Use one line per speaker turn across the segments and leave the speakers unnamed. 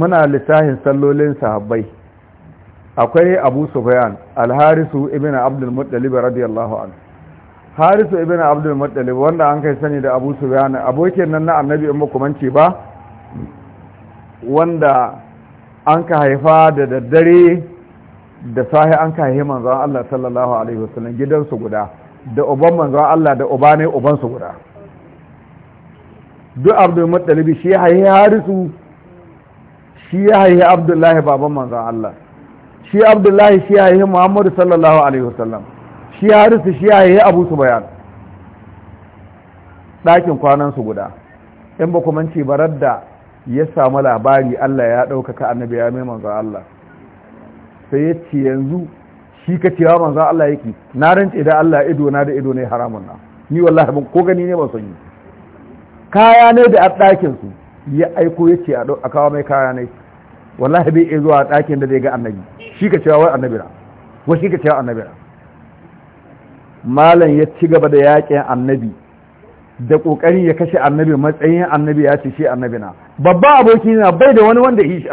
muna lissahin sallolin sahabbai akwai abu sufyan alharisu ibn abdul muttalib radiyallahu anhu harisu ibn abdul muttalib wanda an kai sani da abu bayan abokin nan na annabi in muku manci ba wanda an ka haifa da daddare da sahi an ka haifi manzon Allah sallallahu alaihi wasallam gidansu guda da uban manzon Allah da uba ne uban su guda duk abdul muttalibi shi haihi harisu shi ya haihi abdullahi baban manzon Allah shi abdullahi shi ya haihi muhammadu sallallahu alaihi wasallam shi harisu shi ya haihi abu su bayan ɗakin kwanansu guda in ba kuma ce barar da ya samu labari Allah ya ɗaukaka annabi ya mai manzon Allah sai ya ce yanzu shi ka cewa manzon Allah yake na rance da Allah ido na da ido ne haramun na ni wallahi ko gani ne ban san yi kaya ne da ɗakin su ya aiko ya ce a kawo mai kaya ne wallahi bai iya zuwa ɗakin da zai ga annabi shi ka cewa wai annabi na wai shi ka cewa annabi na malam ya ci gaba da yaƙin annabi da ƙoƙarin ya kashe annabi matsayin annabi ya ce shi annabi na babba aboki na bai da wani wanda yi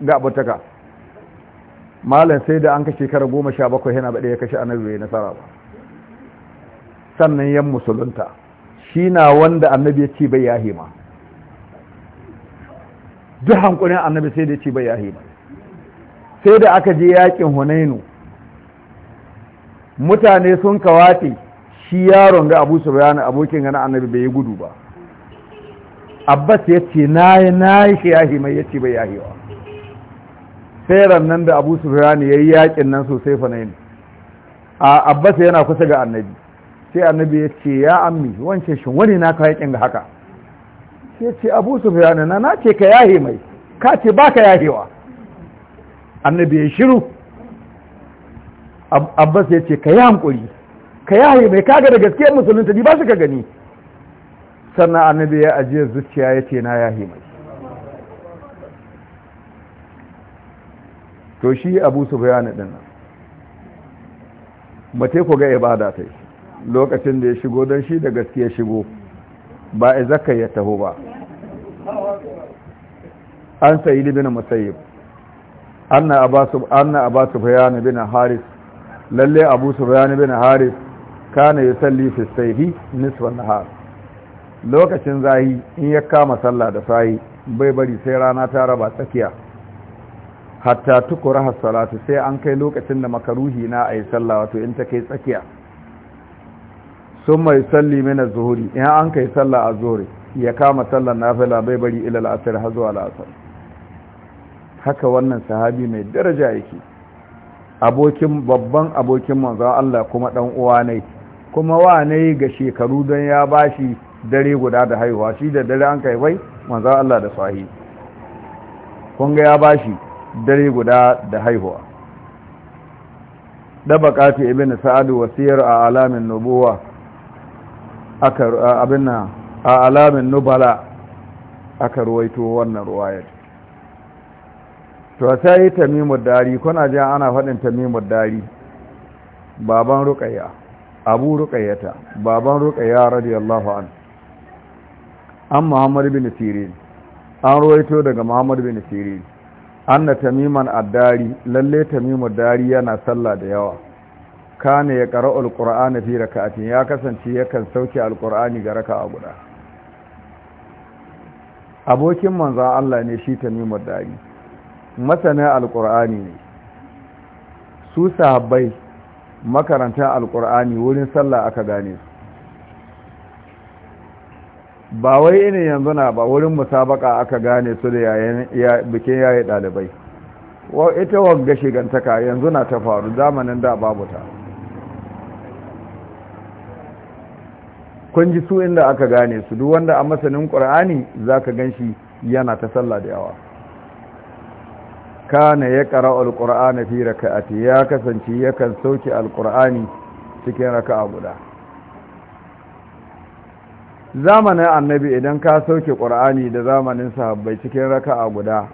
ga abotaka malam sai da an kashe shekara goma sha bakwai yana baɗe ya kashe annabi bai nasara ba sannan yan musulunta shi na wanda annabi ya ce bai yahe ma duk hankulin annabi sai da ce bai yahi ba sai da aka je yakin hunainu mutane sun kawate shi yaron ga abu suryani abokin gana annabi bai yi gudu ba abbas ya ce na yi na yi shi yahi mai ya ce bai yahi ba sai rannan da abu suryani ya yi yakin nan sosai hunainu a abbas yana kusa ga annabi sai annabi ya ce ya ammi wancan shi wani na ka yakin ga haka sai ce abu sufyan na na ce ka yahe mai ka ce baka yahewa annabi ya shiru abbas ya ce ka yi hankuri ka yahe mai kaga da gaske musulunta ji ba su ka gani sannan annabi ya ajiye zuciya ya ce na yahe mai to shi abu su bayani din nan mace ku ga ibada ta yi lokacin da ya shigo don shi da gaske ya shigo ba a zaka ya taho ba an sayi libin musayyib anna abasu anna abasu bayan na haris lalle abu sufyan na haris kana yusalli fi sayhi nisfa nahar lokacin zahi in ya kama sallah da sayi bai bari sai rana ta raba tsakiya hatta tukura salatu sai an kai lokacin da makaruhi na ayi sallah wato in ta kai tsakiya sun mai salli az zuhuri in an kai sallah a zuhri ya kama sallar nafila bai bari al-asr har zuwa al-asr haka wannan sahabi mai daraja yake abokin babban abokin manzo Allah kuma dan uwa ne kuma wa ne ga shekaru don ya bashi dare guda da haihuwa shi da dare an kai bai manzo Allah da sahi kun ga ya bashi dare guda da haihuwa da bakati ibn sa'ad wasiyar a alamin nubuwa aka abinna alamin nubala aka ruwaito wannan ruwayar to sai tamimud dari kuna ji ana faɗin tamimud dari baban ruqayya abu ruqayyata baban ruqayya radiyallahu an an muhammad bin sirin an ruwaito daga muhammad bin sirin anna tamiman addari lalle tamimud dari yana sallah da yawa kana ya qara qur'ana fi rak'atin ya kasance yakan sauke alqur'ani ga raka'a guda abokin manzon Allah ne shi tamimud dari masana alkur'ani ne su sahabbai makarantar alkur'ani wurin sallah aka gane su ba wai ina yanzu na ba wurin musabaka aka gane su da bikin yayi ɗalibai ita wagga shigantaka yanzu na ta faru zamanin da babu ta kun ji su inda aka gane su duk wanda a masanin ƙur'ani za ka gan shi yana ta sallah da yawa kana ya ƙara fira fi raka'ati ya kasance yakan sauke alƙur'ani cikin raka'a guda zamanin annabi idan ka sauke ƙur'ani da zamanin sahabbai cikin raka'a guda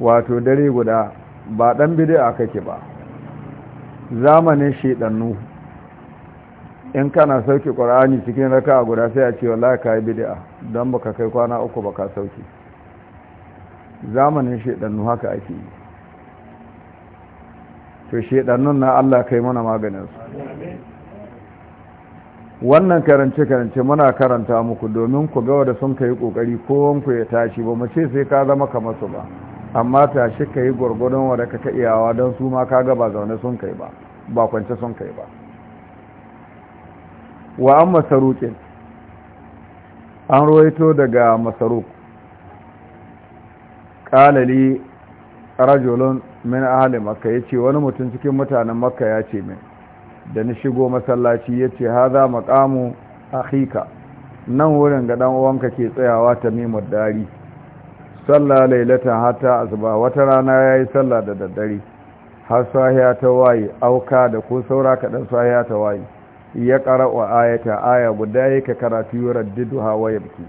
wato dare guda ba ɗan bidi'a kake ba zamanin shiɗannu in kana sauke ƙur'ani cikin raka'a guda sai a ce wallahi ka yi bidi'a don baka kai kwana uku ba ka sauke zamanin shaidannu haka ake yi to shaidannun na Allah kai mana maganinsu wannan karance-karance muna karanta muku domin ku gawa da sun kai kokari kowanku ya tashi ba mu ce sai ka zama kamar su ba amma tashi ka yi gwargwadon wadda ka ka iyawa don su ma ka gaba zaune sun kai ba ba kwance sun kai ba wa an masarukin an ruwaito daga masaruk ƙalali rajulun min ahali makka ya ce wani mutum cikin mutanen makka ya ce min da ni shigo masallaci yace ce ha za nan wurin ga ɗan uwanka ke tsayawa ta mimar dari sallah lailatan hata asuba wata rana yayi yi sallah da daddare har sahiya ta waye auka da ko saura kaɗan sahiya ta waye ya ƙara ayata aya guda yake karatu raddidu hawa yabki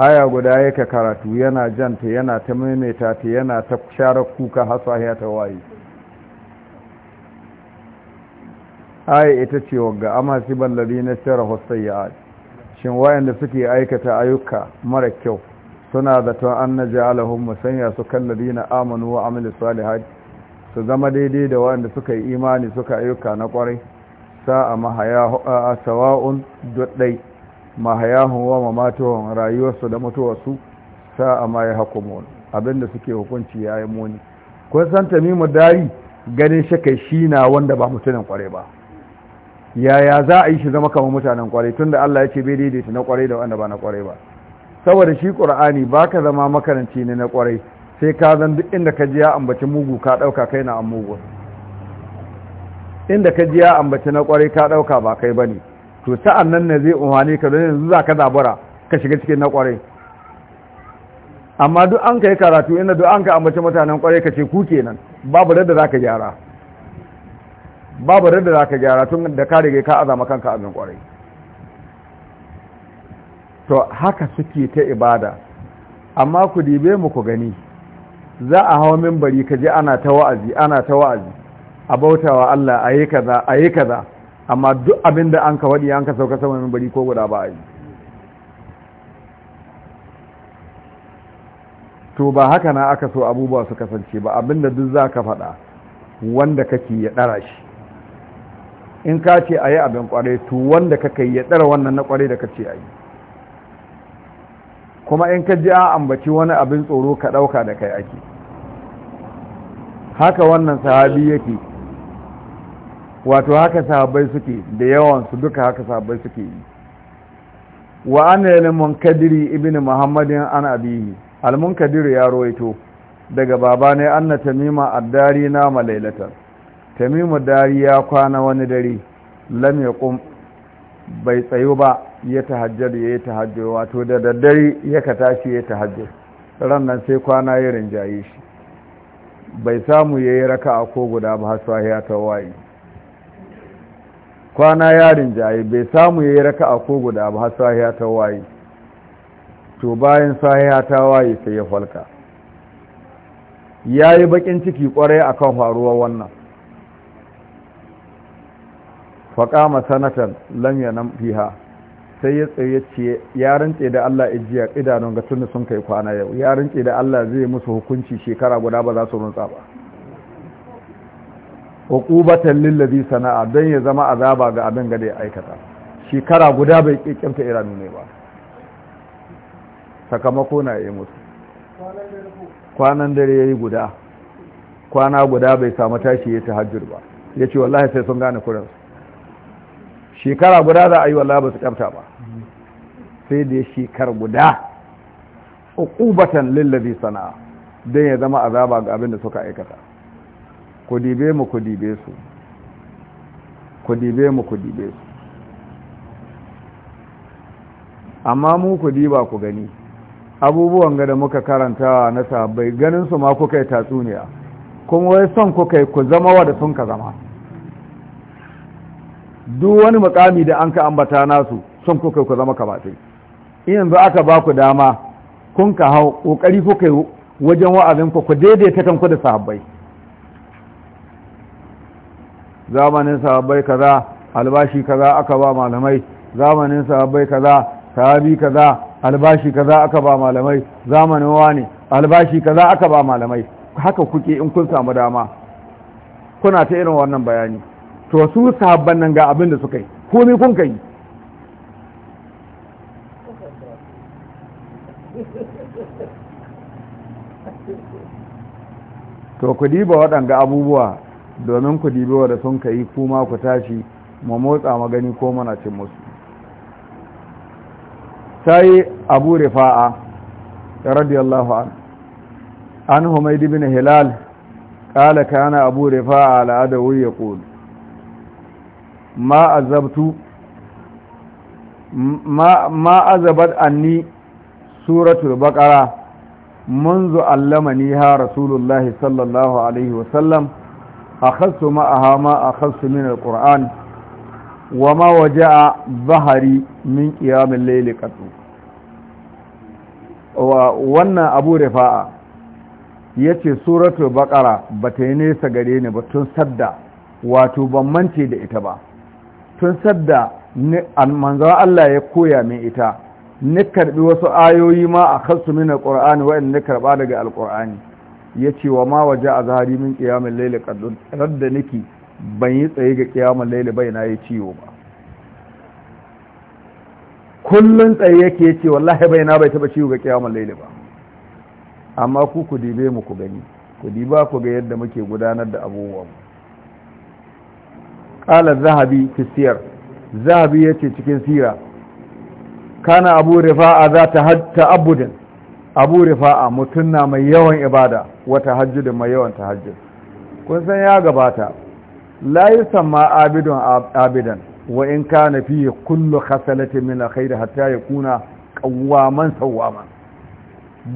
aya guda yake karatu yana janta yana ta maimaita ta yana ta share kuka hasa ya ta waye ai ita ce wagga amma ballabi na sirra hosayyat shin wayanda suke aikata ayyuka mara kyau suna da zaton an alahum musanya su kan ladina amanu wa amilu salihat su zama daidai da wayanda suka yi imani suka ayyuka na kwarai sa'a mahaya sawa'un duddai mahayahun wa mamatuwan rayuwarsu da mutuwarsu a ma ya mu. abinda suke hukunci ya yi muni kun san tamimu dari ganin kai shi na wanda ba mutumin kware ba yaya za a yi shi zama kamar mutanen tun tunda Allah ya ce bai daidaita na kware da wanda ba na kware ba saboda shi ba ka zama makaranci ne na kware sai ka zan duk inda ka ji ya ambaci mugu ka ɗauka kai na an mugu inda ka ji ya ambaci na kware ka ɗauka ba kai bane to ta nan ne zai umarni ka don yanzu za ka zabura ka shiga cikin na kwarai amma duk an ka yi karatu inda duk an ka ambaci mutanen kwarai ka ce ku kenan babu radda za ka gyara babu radda za ka gyara tun da ka rige ka azama kanka abin kwarai to haka suke ta ibada amma ku dibe mu ku gani za a hawa minbari ka je ana ta wa'azi ana ta wa'azi a bautawa Allah a yi kaza a yi kaza amma duk abin da an ka waɗi an ka sauka sama bari ko guda ba a yi to ba haka na aka so abubuwa su kasance ba abin da duk za ka faɗa wanda kake ya ɗara shi in ka ce a yi abin ƙwarai to wanda kai ya ɗara wannan na ƙwarai da ka ce a yi kuma in ka ji an ambaci wani abin tsoro ka ɗauka da kai ake haka wannan sahabi yake wato haka sahabbai suke da yawan su duka haka sahabbai suke yi wa anil munkadiri ibnu muhammadin an abihi al munkadiri ya roito daga baba ne anna tamima addari na malailatan tamima dari ya kwana wani dare lam kum bai tsayo ba ya tahajjar ya yi tahajjar wato da daddare ya ka tashi ya tahajjar rannan sai kwana ya rinjaye shi bai samu ya yi raka a ko guda ba har ya ta waye kwana yarin jaye bai samu ya yi a ko guda ba har sahiya ta waye to bayan sahiya ta waye sai ya falka ya yi bakin ciki kwarai akan faruwar wannan faƙama sanatan lam nan fiha sai ya tsaye ce ya rinke da Allah ijiya idanun ga tunda sun kai kwana yau ya rinke da Allah zai musu hukunci shekara guda ba za su runtsa ba uqubatan lillazi sana'a don ya zama azaba ga abin ga ya aikata shekara guda bai kikkinta iranu ne ba sakamako na yi mutu. kwanan dare ya yi guda kwana guda bai samu tashi ya ta hajjur ba Ya ce wallahi sai sun gane kuransu shekara guda za a yi wallahi ba su karta ba sai da ya shekar guda uqubatan lillazi sana'a don ya zama azaba ga abin da suka aikata ku dibe mu ku dibe su ku dibe mu ku dibe su amma mu ku diba ku gani abubuwan ga da muka karanta na sahabbai ganin su ma kuka yi tatsuniya kuma wai son kuka yi ku zama wa da sun ka zama duk wani mukami da an ka ambata nasu son kuka yi ku zama in yanzu aka ba ku dama kun ka hau ƙoƙari kuka yi wajen wa'azinku ku daidaita kanku da sahabbai zamanin sahabbai kaza albashi kaza aka ba malamai zamanin sahabbai kaza sahabi kaza albashi kaza aka ba malamai zamanin wani albashi kaza aka ba malamai haka kuke in kun samu dama kuna ta irin wannan bayani to su sahabban nan ga abin da suka yi komai kun kai to ku diba waɗanda abubuwa domin ku dibewa da sun ka yi kuma ku tashi mu motsa magani ko muna cin musu sai abu rifa'a radiyallahu an an humaid ibn hilal ka kana abu rifa'a al'adawi yaqul ma azabtu ma ma azabat anni suratul baqara منذ ها رسول الله صلى الله عليه وسلم akhadtu ma'aha ma a min alquran wa ma waja'a bahari min qiyam al wannan abu rifa'a yace suratul baqara bata yi nesa gare ni ba tun sadda wato ban mance da ita ba tun sadda manzon Allah ya koya min ita ni karbi wasu ayoyi ma a min alquran wa in ni karba daga alqurani ya ce wa ma waje a zahari min ƙiyamun laili ƙaddun da nake ban yi tsaye ga ƙiyamun laila bai na yi ciwo ba kullum tsaye yake ya ce wallahi bai na bai taɓa ciwo ga ƙiyamun laila ba amma ku ku dibe mu ku gani ku diba ku ga yadda muke gudanar da abubuwan ƙala zahabi fisiyar zahabi ya ce cikin sira kana abu rifa'a za ta abudin abu rifa'a mutum na mai yawan ibada wata hajji da mai yawan tahajjud kun san ya gabata la ma abidun abidan wa in kana fi kullu khasalatin min alkhair hatta yakuna qawwaman sawwaman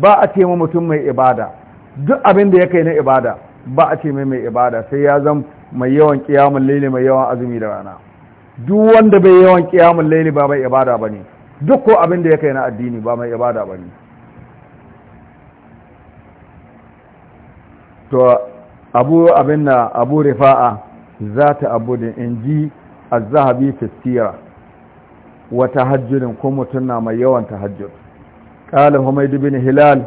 ba a ce mutum mai ibada duk abin da ya na ibada ba a ce mai mai ibada sai ya zama mai yawan qiyamul laili mai yawan azumi da rana duk wanda bai yawan qiyamul laili ba mai ibada bane duk ko abin da ya na addini ba mai ibada bane to abu abin na abu rifa'a za ta abu da in ji a zahabi fistira wata hajjudin ko mutum na mai yawan ta hajjud ƙalin homai dubin hilal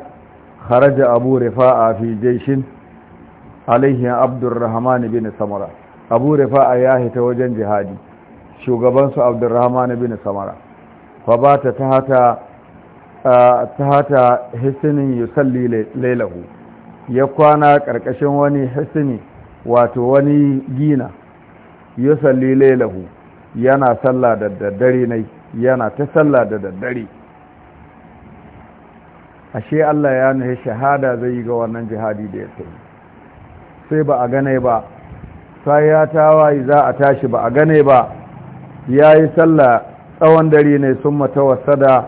haraja abu rifa'a fi jeshin alaihiyar abdurrahman bin samara abu rifa'a ya hita wajen jihadi shugabansu abdurrahman bin samara fa ba ta ta ah, hata hissinin yusalli lailahu ya kwana ƙarƙashin wani hasini wato wani gina ya salli lailahu yana sallah da daddare ne, yana ta sallah da daddare ashe Allah ya nuhi shahada zai yi ga wannan jihadi da ya sai ba a gane ba sai ya tawaye za a tashi ba a gane ba ya yi sallah tsawon dare ne sun wasada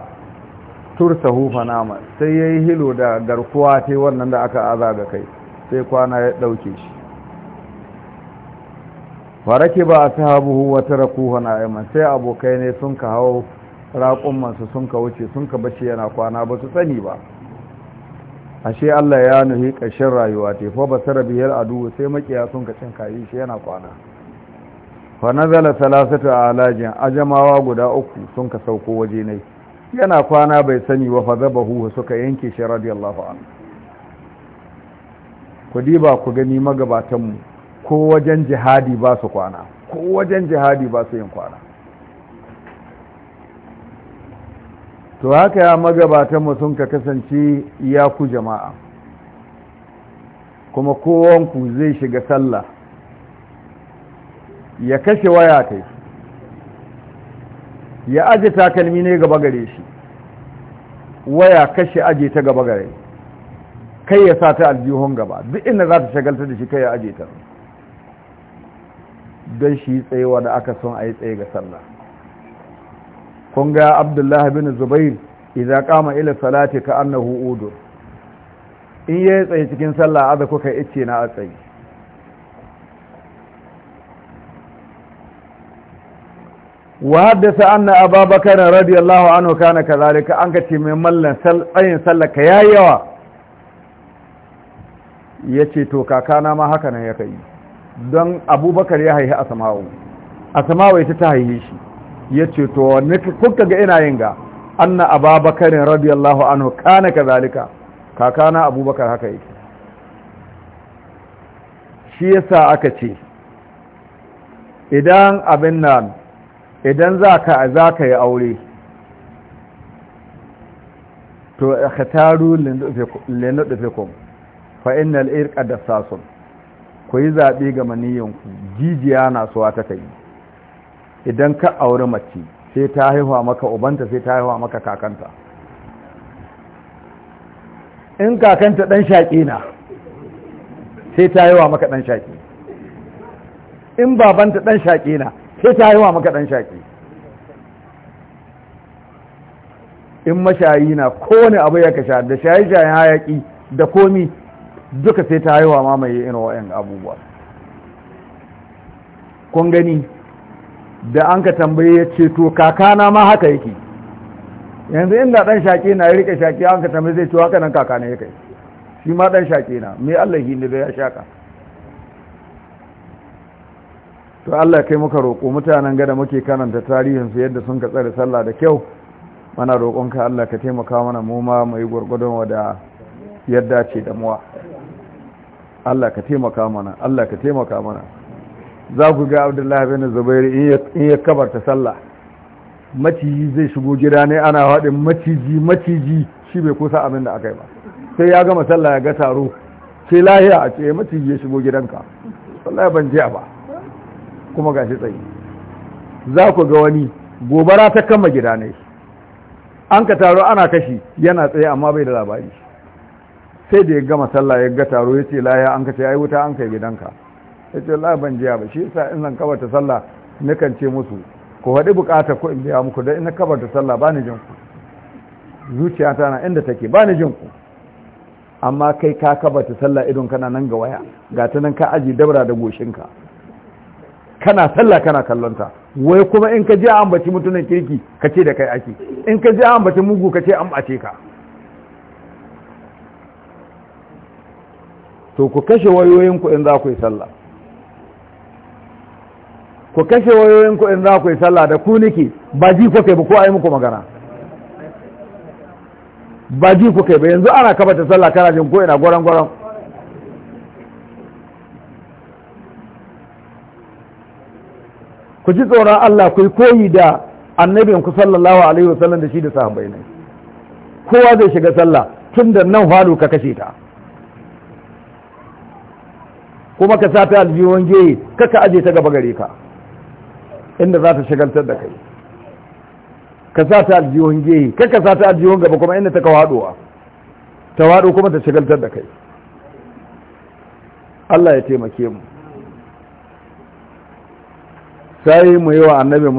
tursahu nama sai ya yi hilo da garkuwa ta wannan da aka aza ga kai sai kwana ya ɗauke shi farake ba a sahabuhu wata rakuhu na'iman sai abokai ne sun ka hau raƙummansu sun ka wuce sun ka bace yana kwana ba su tsani ba ashe Allah ya nuhi ƙarshen rayuwa ce fa basara biyar adu sai makiya sun ka cin kayi shi yana kwana fa nazala salasatu alajin ajamawa guda uku sun ka sauko waje ne yana kwana bai sani wa huwa suka yanke shi radiyallahu anhu ku diba ku gani magabatanmu ko wajen jihadi ba su kwana ko wajen jihadi ba su yin kwana to haka ya magabatanmu sun ka kasance ya ku jama'a kuma kowanku zai shiga sallah ya kashe waya kai ya aje takalmi ne gaba gare shi waya kashe aje ta gaba gare kai ya sa ta aljihun gaba duk inda za ta shagalta da shi kai ya aje ta don shi tsayewa da aka son a yi tsaye ga sallah kun ga abdullahi bin zubair idan kama ila salati ka annahu Udu? in yayi tsaye cikin sallah aza kuka ice na a tsaye wa haddasa anna ababakar radiyallahu anhu kana kazalika an ka ce mai mallan tsayin sallaka yayi yawa Ya ce to kakana ma haka nan ya kai don abubakar ya haihi a a asma'u ita ta haihi shi ce to ne kuka ga ina yin ga anna ababakar radiyallahu anhu kana kazalika kakana abubakar haka yake shi yasa aka ce idan abin nan idan za ka yi aure to ka taru lenudufikun fa'inal irka da sasun ku yi zaɓe ga ku. jijiya na suwa ta kai idan ka aure mace sai ta haihuwa maka ubanta sai ta haihuwa maka kakanta in kakanta ɗan shaƙi na sai ta haihuwa maka ɗan shaƙi in babanta ɗan shaƙi na sai ta haihuwa maka ɗan shaƙi in mashayi na kowane abu ya kasha da shayi-shayi, hayaƙi da komi duka sai ta haihuwa ma mai ina wa'yan abubuwa kun gani da an ka tambaye ya ce to kakana ma haka yake yanzu inda ɗan shaƙi na ya rike shaƙi an ka tambaye zai ce haka nan kakana ya kai shi ma ɗan shaƙi na mai allahi ne da ya shaƙa to Allah kai muka roƙo mutanen gada muke karanta tarihin su yadda sun ka tsare sallah da kyau mana roƙonka Allah ka taimaka mana mu ma mu yi gurgudun wada yadda ce da muwa Allah ka taimaka mana Allah ka taimaka mana za ku ga Abdullahi bin Zubairu in ya kabarta sallah maciji zai shigo gida ne ana haɗin maciji maciji shi bai kusa abin da aka yi ba sai ya gama sallah ya ga taro sai lahiya a ce maciji ya shigo gidanka sallah ban jiya ba kuma ga shi tsaye za ku ga wani gobara ta kama gida ne an ka taro ana kashi yana tsaye amma bai da labari sai da ya gama sallah ya ga taro ya ce laya an ka ce ai wuta an kai gidanka ya ce la ban jiya ba shi yasa in zan ta sallah kan ce musu ku haɗi buƙatar ko in biya muku don kaba ta sallah ba ni jin ku zuciya ta na inda take ba ni jin ku amma kai ka kaba ta sallah idon kana nan ga waya ga ta nan ka aji dabra da goshinka kana sallah kana kallonta wai kuma in ka ji an ambaci mutunan kirki ka ce da kai ake in ka ji an baci mugu ka ce an bace ka to ku kashe wayoyinku in za ku yi sallah ku kashe wayoyinku in za ku yi sallah da ku niki ba ji ku kai ba ko ai muku magana ba ji ku kai ba yanzu ana kabata sallah kana jin ko ina gwaran gwaran ku ji tsoron Allah ku koyi da annabin ku sallallahu alaihi wasallam da shi da sahabbai ne kowa zai shiga sallah tun da nan falu ka kashe ta kuma ka safi aljiwon geye kaka aje ta gaba gare ka inda za ta shigantar da kai ka sata aljiwon geye kaka safi aljiwon gaba kuma inda ta ka waɗowa ta waɗo kuma ta shigantar da kai Allah ya taimake mu sai mu yi wa annabi